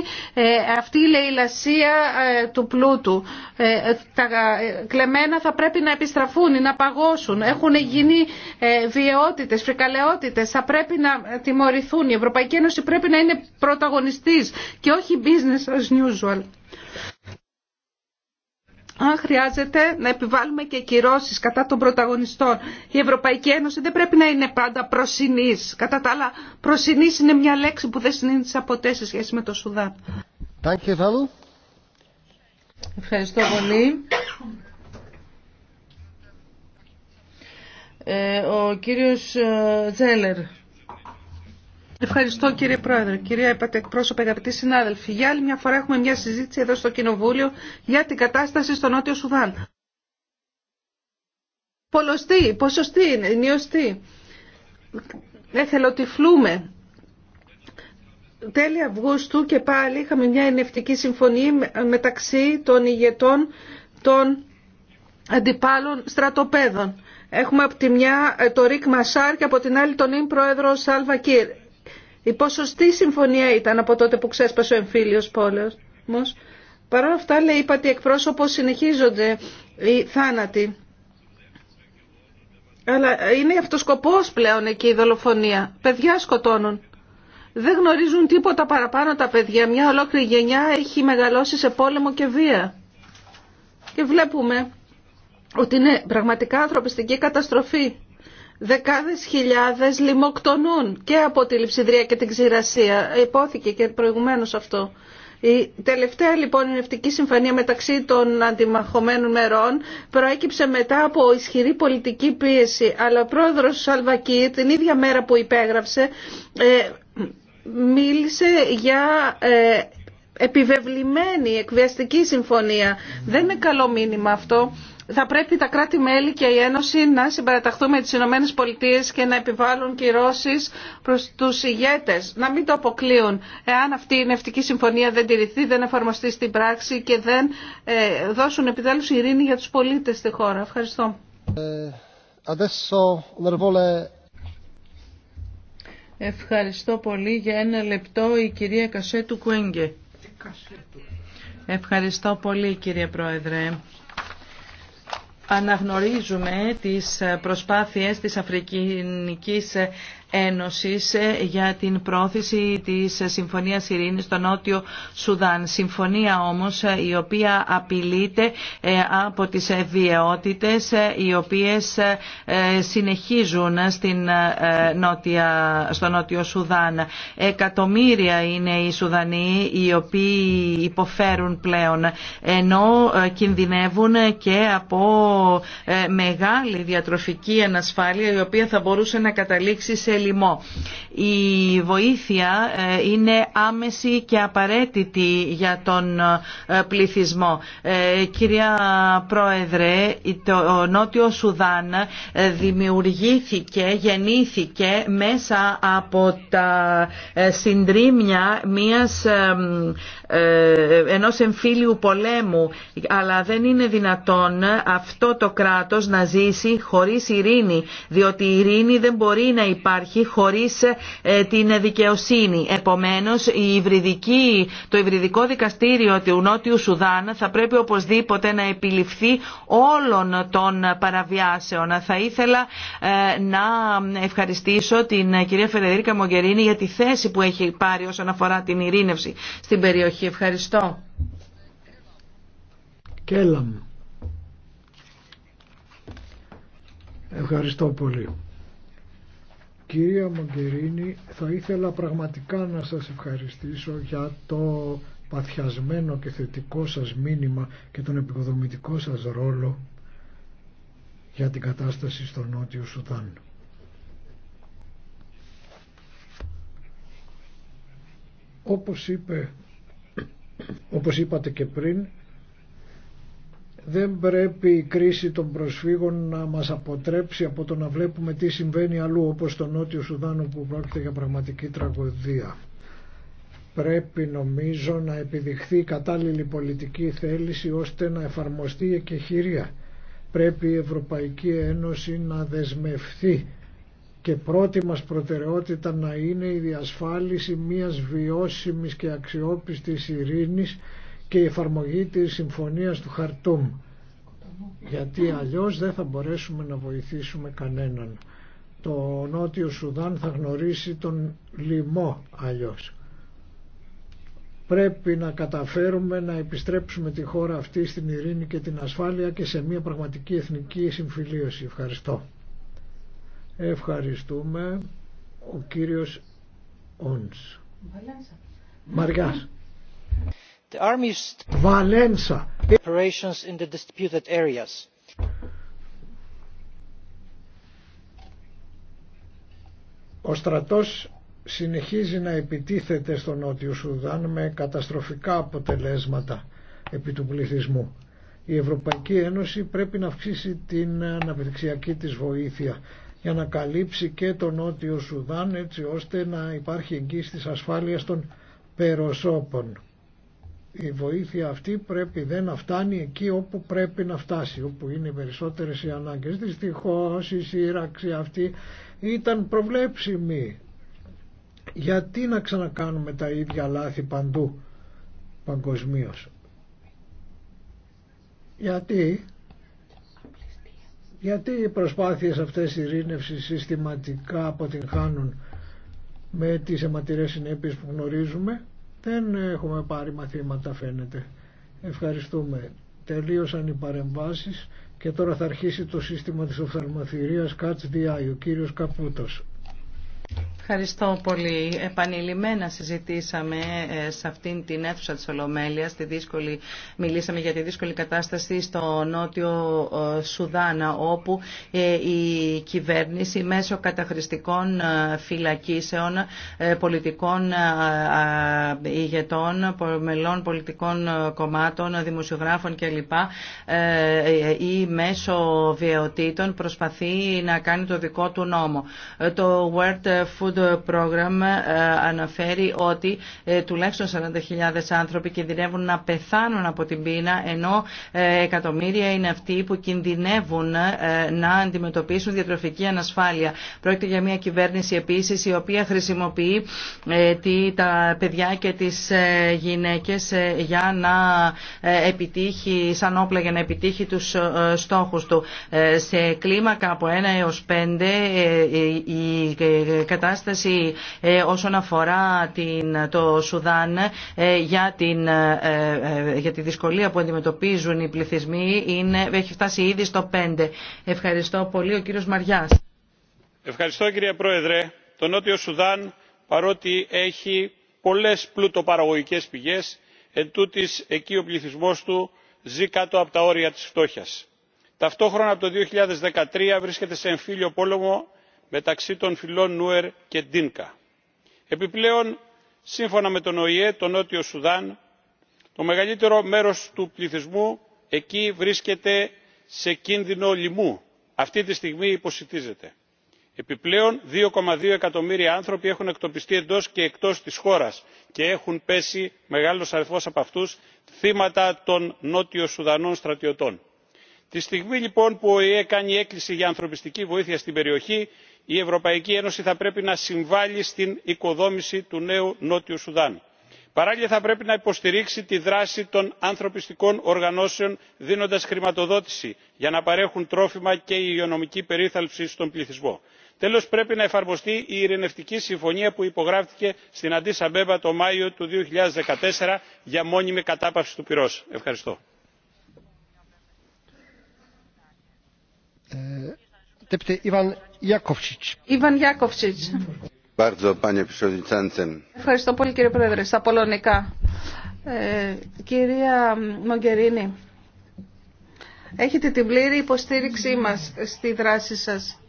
A: αυτή η λαιλασία του πλούτου. Τα κλεμμένα θα πρέπει να επιστραφούν ή να παγώσουν γίνει ε, βιαιότητες, φρικαλαιότητες. Θα πρέπει να τιμωρηθούν. Η Ευρωπαϊκή Ένωση πρέπει να είναι πρωταγωνιστής και όχι business as usual. Αν χρειάζεται να επιβάλλουμε και κυρώσεις κατά των πρωταγωνιστών. Η Ευρωπαϊκή Ένωση δεν πρέπει να είναι πάντα προσινής. Κατά τα άλλα, προσινής είναι μια λέξη που δεν συνήθισα ποτέ σε σχέση με το Σουδάν.
C: Ευχαριστώ πολύ. Ε, ο κύριος ε, Τζέλερ. Ευχαριστώ
A: κύριε Πρόεδρε, κυρία Επατεκπρόσωπε, αγαπητοί συνάδελφοι. Για άλλη μια φορά έχουμε μια συζήτηση εδώ στο Κοινοβούλιο για την κατάσταση στο Νότιο Σουδάν. Πολλωστή, ποσοστή είναι, νιωστή. φλούμε. Τέλη Αυγούστου και πάλι είχαμε μια ενευτική συμφωνία μεταξύ των ηγετών των αντιπάλων στρατοπέδων Έχουμε από τη μια ε, το Ρίκ Μασάρ και από την άλλη τον ίν πρόεδρο Σάλβα Κύρ. Η ποσοστή συμφωνία ήταν από τότε που ξέσπασε ο εμφύλιος πόλεμος. Παρ' όλα αυτά, λέει, ότι εκπρόσωπο, συνεχίζονται οι θάνατοι. Αλλά είναι αυτός σκοπός πλέον εκεί η δολοφονία. Παιδιά σκοτώνουν. Δεν γνωρίζουν τίποτα παραπάνω τα παιδιά. Μια ολόκληρη γενιά έχει μεγαλώσει σε πόλεμο και βία. Και βλέπουμε ότι είναι πραγματικά ανθρωπιστική καταστροφή. Δεκάδες χιλιάδες λιμοκτονούν και από τη λειψιδρία και την ξηρασία. Υπόθηκε και προηγουμένως αυτό. Η τελευταία λοιπόν ενευτική συμφωνία μεταξύ των αντιμαχωμένων μερών προέκυψε μετά από ισχυρή πολιτική πίεση. Αλλά ο πρόεδρος Σαλβακή την ίδια μέρα που υπέγραψε ε, μίλησε για ε, επιβεβλημένη εκβιαστική συμφωνία. Δεν είναι καλό μήνυμα αυτό θα πρέπει τα κράτη-μέλη και η Ένωση να συμπαραταχθούν με τις Ηνωμένε Πολιτείες και να επιβάλλουν κυρώσεις προς τους ηγέτες. Να μην το αποκλείουν. Εάν αυτή η νευτική συμφωνία δεν τηρηθεί, δεν εφαρμοστεί στην πράξη και δεν ε, δώσουν επιτέλους ειρήνη για τους πολίτες στη χώρα. Ευχαριστώ. Ε,
C: Ευχαριστώ πολύ. Για ένα λεπτό η κυρία Κασέτου Κουέγγε. Ευχαριστώ πολύ κύριε Πρόεδρε αναγνωρίζουμε τις προσπάθειες της Αφρικανικής Ένωσης για την πρόθεση της Συμφωνίας Ειρήνης στο Νότιο Σουδάν. Συμφωνία όμως η οποία απειλείται ε, από τις βιαιότητες ε, οι οποίες ε, συνεχίζουν στην νότια, στο Νότιο Σουδάν. Εκατομμύρια είναι οι Σουδανοί οι οποίοι υποφέρουν πλέον ενώ κινδυνεύουν και από ε, μεγάλη διατροφική ανασφάλεια η οποία θα μπορούσε να καταλήξει σε λοιμό. Η βοήθεια ε, είναι άμεση και απαραίτητη για τον ε, πληθυσμό. Κυρία Πρόεδρε, το Νότιο Σουδάν δημιουργήθηκε, γεννήθηκε μέσα από τα συντρίμια μιας, ενός εμφύλιου πολέμου αλλά δεν είναι δυνατόν αυτό αυτό το κράτος να ζήσει χωρίς ειρήνη, διότι η ειρήνη δεν μπορεί να υπάρχει χωρίς ε, την δικαιοσύνη. Επομένως, υβριδική, το υβριδικό δικαστήριο του Νότιου Σουδάν θα πρέπει οπωσδήποτε να επιληφθεί όλων των παραβιάσεων. Θα ήθελα ε, να ευχαριστήσω την ε, κυρία Φερερίκα Μογκερίνη για τη θέση που έχει πάρει όσον αφορά την ειρήνευση στην περιοχή. Ευχαριστώ.
B: Ευχαριστώ πολύ. Κυρία Μογκερίνη, θα ήθελα πραγματικά να σας ευχαριστήσω για το παθιασμένο και θετικό σας μήνυμα και τον επικοδομητικό σας ρόλο για την κατάσταση στο Νότιο Σουδάν. Όπως, είπε, όπως είπατε και πριν, δεν πρέπει η κρίση των προσφύγων να μας αποτρέψει από το να βλέπουμε τι συμβαίνει αλλού όπως στο Νότιο Σουδάνο που πρόκειται για πραγματική τραγωδία. Πρέπει νομίζω να επιδειχθεί η κατάλληλη πολιτική θέληση ώστε να εφαρμοστεί η εκεχηρία. Πρέπει η Ευρωπαϊκή Ένωση να δεσμευθεί και πρώτη μας προτεραιότητα να είναι η διασφάλιση μιας βιώσιμης και αξιόπιστης ειρήνης και η εφαρμογή της συμφωνίας του Χαρτούμ γιατί αλλιώς δεν θα μπορέσουμε να βοηθήσουμε κανέναν. Το Νότιο Σουδάν θα γνωρίσει τον λοιμό αλλιώς. Πρέπει να καταφέρουμε να επιστρέψουμε τη χώρα αυτή στην ειρήνη και την ασφάλεια και σε μια πραγματική εθνική συμφιλίωση. Ευχαριστώ. Ευχαριστούμε ο κύριος Ons. Μαριάς. Ο στρατός συνεχίζει να επιτίθεται στο Νότιο Σουδάν με καταστροφικά αποτελέσματα επί του πληθυσμού. Η Ευρωπαϊκή Ένωση πρέπει να αυξήσει την αναπτυξιακή της βοήθεια για να καλύψει και το Νότιο Σουδάν έτσι ώστε να υπάρχει εγγύηση της ασφάλειας των περοσώπων η βοήθεια αυτή πρέπει δεν να φτάνει εκεί όπου πρέπει να φτάσει, όπου είναι οι περισσότερες οι ανάγκες. Δυστυχώς η σύραξη αυτή ήταν προβλέψιμη. Γιατί να ξανακάνουμε τα ίδια λάθη παντού παγκοσμίω. Γιατί, γιατί οι προσπάθειες αυτές ειρήνευσης συστηματικά αποτυγχάνουν με τις αιματηρές συνέπειες που γνωρίζουμε δεν έχουμε πάρει μαθήματα φαίνεται. Ευχαριστούμε. Τελείωσαν οι παρεμβάσεις και τώρα θα αρχίσει το σύστημα της οφθαλμαθηρίας Catch ο κύριος Καπούτος.
C: Ευχαριστώ πολύ. Επανειλημμένα συζητήσαμε ε, σε αυτήν την αίθουσα της Ολομέλειας, τη δύσκολη, μιλήσαμε για τη δύσκολη κατάσταση στο νότιο ε, Σουδάνα, όπου ε, η κυβέρνηση μέσω καταχρηστικών φυλακίσεων, πολιτικών ηγετών, μελών πολιτικών κομμάτων, δημοσιογράφων κλπ. ή μέσω βιαιοτήτων προσπαθεί να κάνει το δικό του νόμο. Το World Food το πρόγραμμα ε, αναφέρει ότι ε, τουλάχιστον 40.000 άνθρωποι κινδυνεύουν να πεθάνουν από την πείνα ενώ ε, εκατομμύρια είναι αυτοί που κινδυνεύουν να αντιμετωπίσουν διατροφική ανασφάλεια. Πρόκειται για μια κυβέρνηση επίσης η οποία χρησιμοποιεί τα παιδιά και τις γυναίκες για να επιτύχει, σαν όπλα για να επιτύχει τους στόχους του. Σε κλίμακα από 1 έως 5 η κατάσταση κατάσταση ε, όσον αφορά την, το Σουδάν ε, για, την, ε, για τη δυσκολία που αντιμετωπίζουν οι πληθυσμοί είναι, έχει φτάσει ήδη στο 5. Ευχαριστώ πολύ. Ο κύριος Μαριάς.
D: Ευχαριστώ κύριε Πρόεδρε. Το Νότιο Σουδάν παρότι έχει πολλές πλουτοπαραγωγικές πηγές εν τούτης εκεί ο πληθυσμός του ζει κάτω από τα όρια της φτώχειας. Ταυτόχρονα από το 2013 βρίσκεται σε εμφύλιο πόλεμο μεταξύ των φυλών νουερ και ντίνκα. επιπλέον σύμφωνα με τον οηε το νότιο σουδάν το μεγαλύτερο μέρος του πληθυσμού εκεί βρίσκεται σε κίνδυνο λιμού αυτή τη στιγμή υποσυτίζεται. επιπλέον 2,2 εκατομμύρια άνθρωποι έχουν εκτοπιστεί εντός και εκτός της χώρας και έχουν πέσει μεγάλος αριθμός από αυτούς θύματα των νότιο σουδανών στρατιωτών. τη στιγμή λοιπόν που ο οηε κάνει έκκληση για ανθρωπιστική βοήθεια στην περιοχή η ευρωπαϊκή ένωση θα πρέπει να συμβάλλει στην οικοδόμηση του νέου νότιου σουδάν. παράλληλα θα πρέπει να υποστηρίξει τη δράση των ανθρωπιστικών οργανώσεων δίνοντας χρηματοδότηση για να παρέχουν τρόφιμα και υγειονομική περίθαλψη στον πληθυσμό. τέλος πρέπει να εφαρμοστεί η ειρηνευτική συμφωνία που υπογράφτηκε στην Αντίσαμπεβα αμπέμπα το μάιο του 2014 για μόνιμη κατάπαυση του πυρός. ευχαριστώ.
B: Ε,
A: Ευχαριστώ πολύ κύριε Πρόεδρε. Στα πολωνικά. Ε, κυρία Μογκερίνη, έχετε την πλήρη υποστήριξή μας στη δράση σας.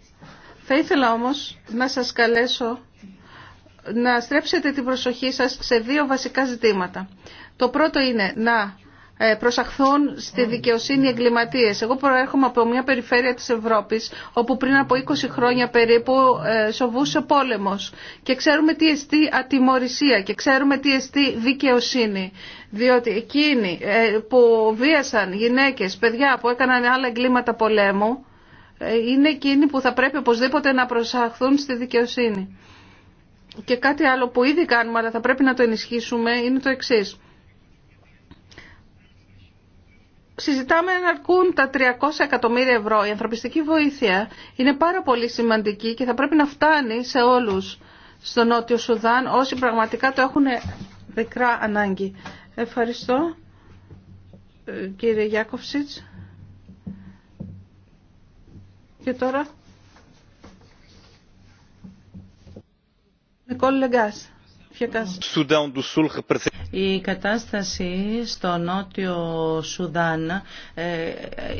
A: Θα ήθελα όμως να σας καλέσω να στρέψετε την προσοχή σας σε δύο βασικά ζητήματα. Το πρώτο είναι να ε, προσαχθούν στη δικαιοσύνη εγκληματίε. Εγώ προέρχομαι από μια περιφέρεια της Ευρώπης όπου πριν από 20 χρόνια περίπου ε, σοβούσε πόλεμο. και ξέρουμε τι εστί ατιμορρησία και ξέρουμε τι εστί δικαιοσύνη. Διότι εκείνοι ε, που βίασαν γυναίκες, παιδιά που έκαναν άλλα εγκλήματα πολέμου είναι εκείνοι που θα πρέπει οπωσδήποτε να προσαχθούν στη δικαιοσύνη. Και κάτι άλλο που ήδη κάνουμε αλλά θα πρέπει να το ενισχύσουμε είναι το εξής συζητάμε να αρκούν τα 300 εκατομμύρια ευρώ. Η ανθρωπιστική βοήθεια είναι πάρα πολύ σημαντική και θα πρέπει να φτάνει σε όλους στο Νότιο Σουδάν όσοι πραγματικά το έχουν δεκρά ανάγκη. Ευχαριστώ ε, κύριε Γιάκοφσιτς. Και τώρα...
C: Νικόλ Λεγκάς. Η κατάσταση στο Νότιο Σουδάν ε, ε,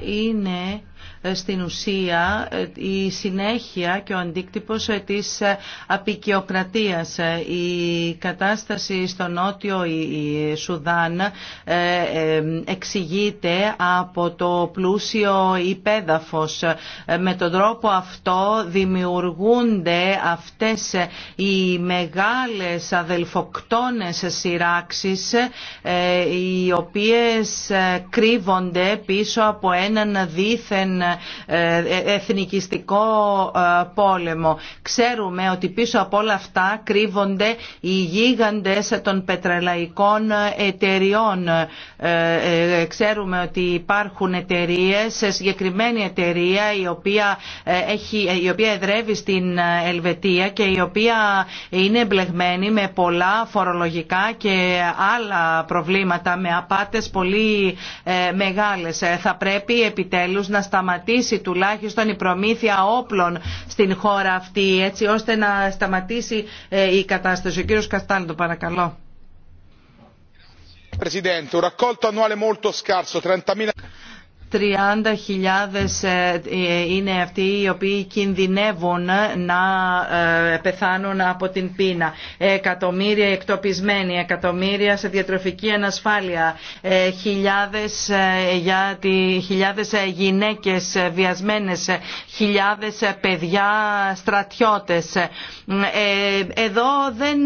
C: είναι ε, στην ουσία ε, η συνέχεια και ο αντίκτυπος ε, της απεικιοκρατίας. Η κατάσταση στο νότιο η Σουδάν εξηγείται από το πλούσιο υπέδαφος. Με τον τρόπο αυτό δημιουργούνται αυτές οι μεγάλες αδελφοκτόνες σειράξεις οι οποίες κρύβονται πίσω από έναν δίθεν ε, εθνικιστικό ε, πόλεμο. Ξέρουμε ότι πίσω από όλα αυτά κρύβονται οι γίγαντες των πετρελαϊκών εταιριών. Ε, ξέρουμε ότι υπάρχουν εταιρείε, συγκεκριμένη εταιρεία η οποία, έχει, η οποία εδρεύει στην Ελβετία και η οποία είναι εμπλεγμένη με πολλά φορολογικά και άλλα προβλήματα με απάτες πολύ μεγάλες. Θα πρέπει επιτέλους να σταματήσει τουλάχιστον η προμήθεια όπλων στην χώρα αυτή, έτσι ώστε να σταματήσει ε, η κατάσταση. Ο κύριος Καστάλτο, παρακαλώ.
D: Presidente, un raccolto annuale molto scarso, 30.000...
C: 30.000 ε, είναι αυτοί οι οποίοι κινδυνεύουν να ε, πεθάνουν από την πείνα. Εκατομμύρια εκτοπισμένοι, εκατομμύρια σε διατροφική ανασφάλεια, ε, χιλιάδες, για τη, χιλιάδες γυναίκες βιασμένες, χιλιάδες παιδιά στρατιώτες. Εδώ δεν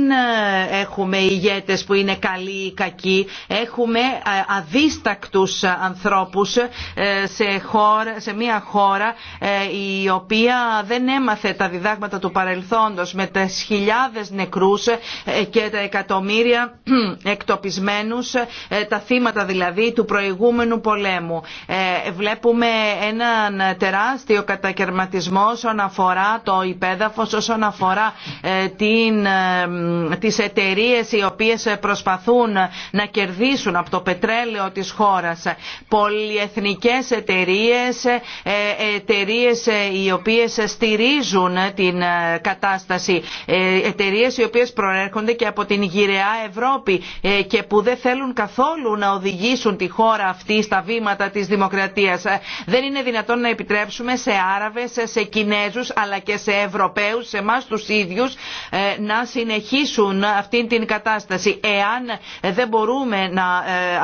C: έχουμε ηγέτες που είναι καλοί ή κακοί, έχουμε αδίστακτους ανθρώπους ε, σε, χώρα, σε μια χώρα ε, η οποία δεν έμαθε τα διδάγματα του παρελθόντος με τις χιλιάδες νεκρούς ε, και τα εκατομμύρια εκτοπισμένους, τα θύματα δηλαδή του προηγούμενου πολέμου. Βλέπουμε έναν τεράστιο κατακαιρματισμό όσον αφορά το υπέδαφος, όσον αφορά την, τις εταιρείες οι οποίες προσπαθούν να κερδίσουν από το πετρέλαιο της χώρας πολυεθνικές ιδιωτικές εταιρείες, ε, εταιρείες ε, οι οποίες στηρίζουν την ε, κατάσταση, εταιρείες οι οποίες προέρχονται και από την γυραιά Ευρώπη και που δεν θέλουν καθόλου να οδηγήσουν τη χώρα αυτή στα βήματα της δημοκρατίας. Δεν είναι δυνατόν να επιτρέψουμε σε Άραβες, σε Κινέζους αλλά και σε Ευρωπαίους, σε εμάς τους ίδιους να συνεχίσουν αυτήν την κατάσταση. Εάν δεν μπορούμε να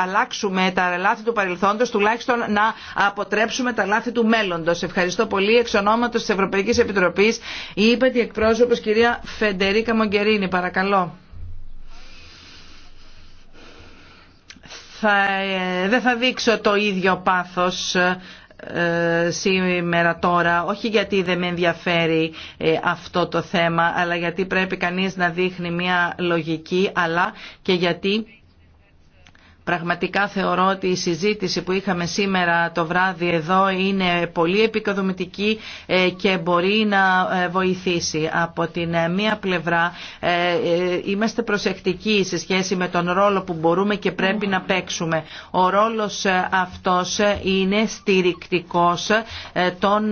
C: αλλάξουμε τα λάθη του παρελθόντος, τουλάχιστον να αποτρέψουμε τα λάθη του μέλλοντος. Ευχαριστώ πολύ. Εξ ονόματος της Ευρωπαϊκής Επιτροπής είπε τη εκπρόσωπος κυρία Φεντερίκα Μογκερίνη. Παρακαλώ. Θα, ε, δεν θα δείξω το ίδιο πάθος ε, σήμερα τώρα, όχι γιατί δεν με ενδιαφέρει ε, αυτό το θέμα, αλλά γιατί πρέπει κανείς να δείχνει μια λογική, αλλά και γιατί Πραγματικά θεωρώ ότι η συζήτηση που είχαμε σήμερα το βράδυ εδώ είναι πολύ επικοδομητική ε, και μπορεί να ε, βοηθήσει. Από την ε, μία πλευρά είμαστε προσεκτικοί σε σχέση με τον ρόλο που μπορούμε και πρέπει να παίξουμε. Ο ρόλος αυτός είναι στηρικτικός των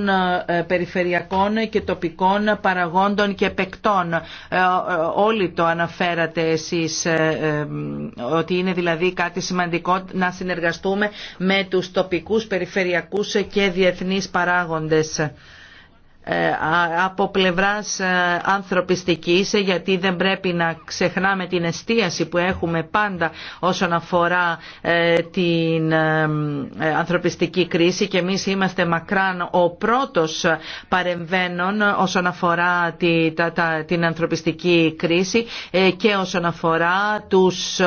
C: περιφερειακών και τοπικών παραγόντων και παικτών. Όλοι το αναφέρατε εσείς ότι είναι δηλαδή κάτι σημαντικό να συνεργαστούμε με τους τοπικούς, περιφερειακούς και διεθνείς παράγοντες. Ε, από πλευράς ε, ανθρωπιστικής ε, γιατί δεν πρέπει να ξεχνάμε την εστίαση που έχουμε πάντα όσον αφορά την ανθρωπιστική κρίση και εμείς είμαστε μακράν ο πρώτος παρεμβαίνων όσον αφορά την ανθρωπιστική κρίση και όσον αφορά τους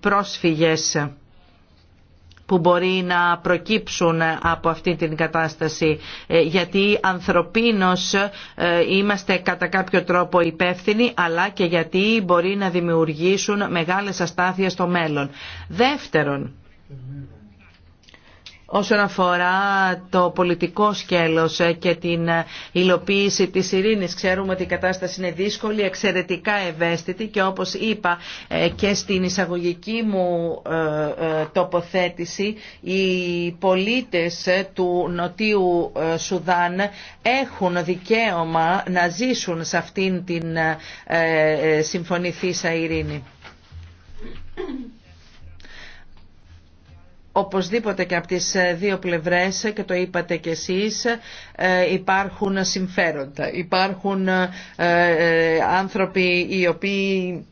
C: πρόσφυγες που μπορεί να προκύψουν από αυτή την κατάσταση ε, γιατί ανθρωπίνως ε, είμαστε κατά κάποιο τρόπο υπεύθυνοι αλλά και γιατί μπορεί να δημιουργήσουν μεγάλες αστάθειες στο μέλλον. Δεύτερον, όσον αφορά το πολιτικό σκέλος ε, και την ε, υλοποίηση της ειρήνης. Ξέρουμε ότι η κατάσταση είναι δύσκολη, εξαιρετικά ευαίσθητη και όπως είπα ε, και στην εισαγωγική μου τοποθέτηση οι πολίτες του Νοτίου Σουδάν έχουν δικαίωμα να ζήσουν σε αυτήν την συμφωνηθήσα ειρήνη οπωσδήποτε και από τις ε, δύο πλευρές και το είπατε και εσείς ε, υπάρχουν συμφέροντα. Υπάρχουν ε, άνθρωποι οι οποίοι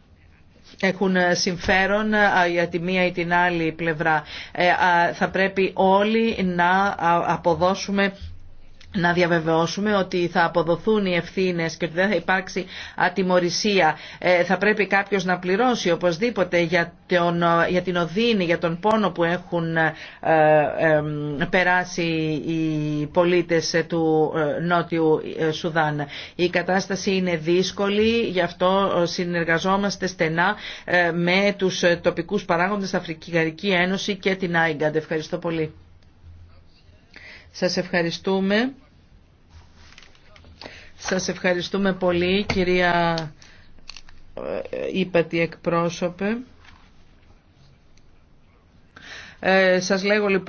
C: έχουν συμφέρον για τη μία ή την άλλη πλευρά. Θα πρέπει όλοι να αποδώσουμε να διαβεβαιώσουμε ότι θα αποδοθούν οι ευθύνες και ότι δεν θα υπάρξει ατιμορρησία. Ε, θα πρέπει κάποιος να πληρώσει οπωσδήποτε για, τον, για την οδύνη, για τον πόνο που έχουν ε, ε, περάσει οι πολίτες του Νότιου Σουδάν. Η κατάσταση είναι δύσκολη, γι' αυτό συνεργαζόμαστε στενά με τους τοπικούς παράγοντες Αφρικαρική Ένωση και την ΆΙΚΑΝΤ. Ευχαριστώ πολύ. Σας ευχαριστούμε. Σας ευχαριστούμε πολύ κυρία ε, Ήπατη εκπρόσωπε. Ε, σας λέγω λοιπόν